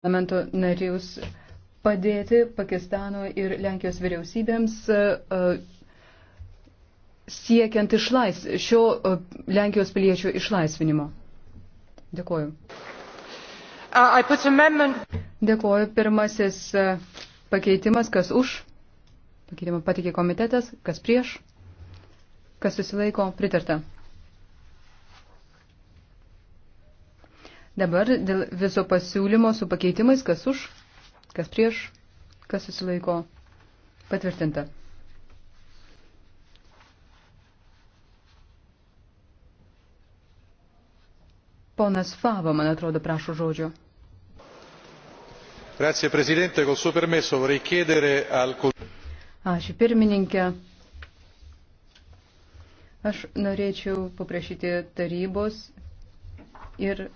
parlamento narius padėti Pakistano ir Lenkijos vyriausybėms e, e, siekiant išlais, šio e, Lenkijos piliečio išlaisvinimo. Dėkuoju. Uh, Dėkuoju. Pirmasis pakeitimas, kas už. Pakeitimą patikė komitetas, kas prieš, kas susilaiko, pritarta. Dabar dėl viso pasiūlymo su pakeitimais, kas už, kas prieš, kas susilaiko patvirtinta. Ponas Favo, man atrodo, prašo žodžio. Grazie, Presidente. Col suo permesso vorrei chiedere al Ačiū pirmininkė. Aš norėčiau paprašyti tarybos ir